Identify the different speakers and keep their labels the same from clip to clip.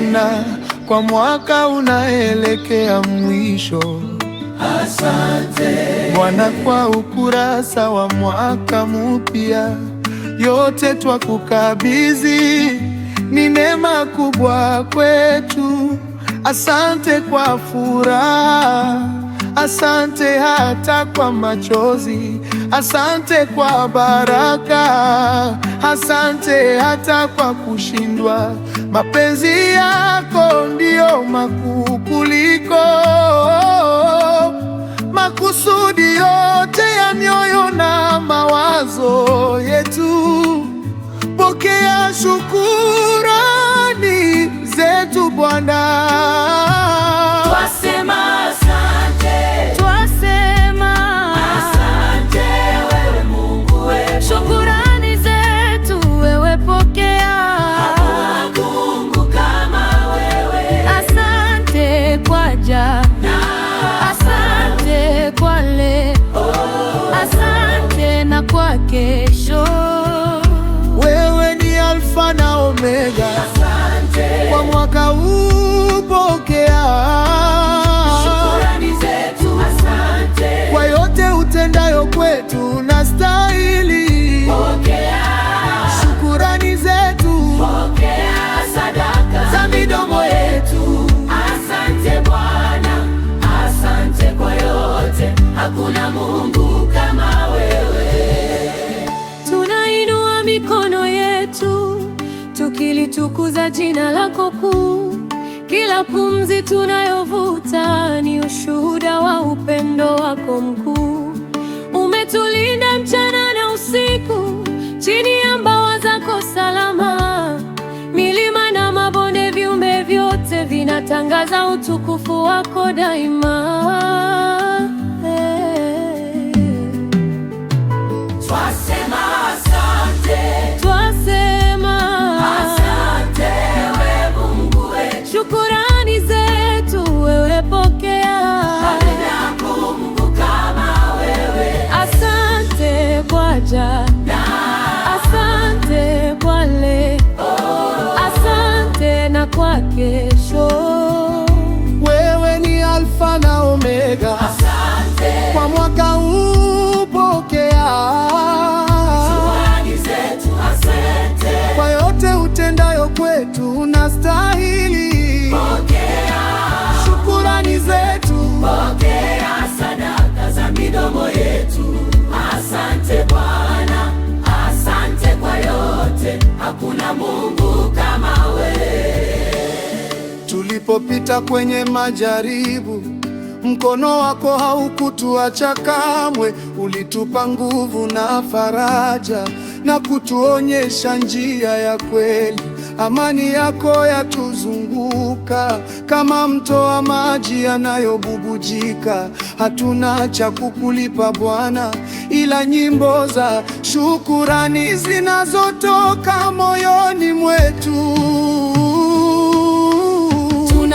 Speaker 1: sana kwa mwaka unaelekea mwisho.
Speaker 2: Asante
Speaker 1: Bwana kwa ukurasa wa mwaka mpya, yote twakukabidhi, ni neema kubwa kwetu. Asante kwa furaha Asante hata kwa machozi, asante kwa baraka, asante hata kwa kushindwa. Mapenzi yako ndiyo makuu kuliko makusudi yote ya mioyo na mawazo yetu. Pokea shukurani zetu Bwana. tunastahili.
Speaker 2: Pokea
Speaker 1: shukurani zetu,
Speaker 2: pokea sadaka
Speaker 1: za midomo yetu.
Speaker 2: Asante Bwana, asante kwa yote, hakuna Mungu kama wewe.
Speaker 3: Tunainua mikono yetu tukilitukuza jina lako kuu. Kila pumzi tunayovuta ni ushuhuda wa upendo wako mkuu tulinda mchana na usiku, chini ya mbawa zako salama. Milima na mabonde, viumbe vyote vinatangaza utukufu wako daima. pamoja. Asante kwale, asante na kwake
Speaker 1: tulipopita kwenye majaribu, mkono wako haukutuacha kamwe, ulitupa nguvu na faraja na kutuonyesha njia ya kweli. Amani yako yatuzunguka kama mto wa maji yanayobubujika. Hatuna cha kukulipa Bwana, ila nyimbo za shukurani zinazotoka moyoni mwetu.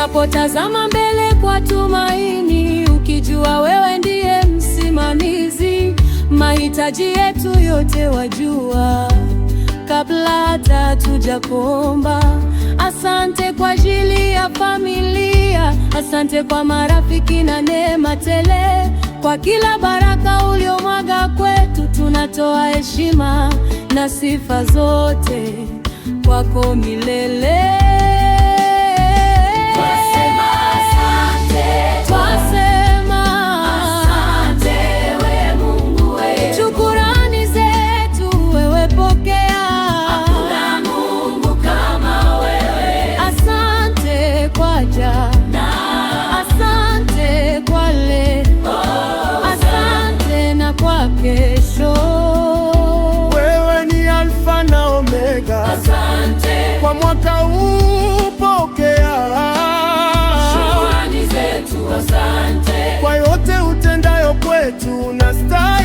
Speaker 3: Unapotazama mbele kwa tumaini, ukijua wewe ndiye msimamizi, mahitaji yetu yote wajua, kabla hata hatujakuomba. Asante kwa ajili ya familia, asante kwa marafiki na neema tele, kwa kila baraka uliomwaga kwetu, tunatoa heshima na sifa zote kwako milele.
Speaker 2: Asante.
Speaker 1: Kwa mwaka huu pokea
Speaker 2: shukrani zetu, asante
Speaker 1: kwa yote utendayo kwetu na stahili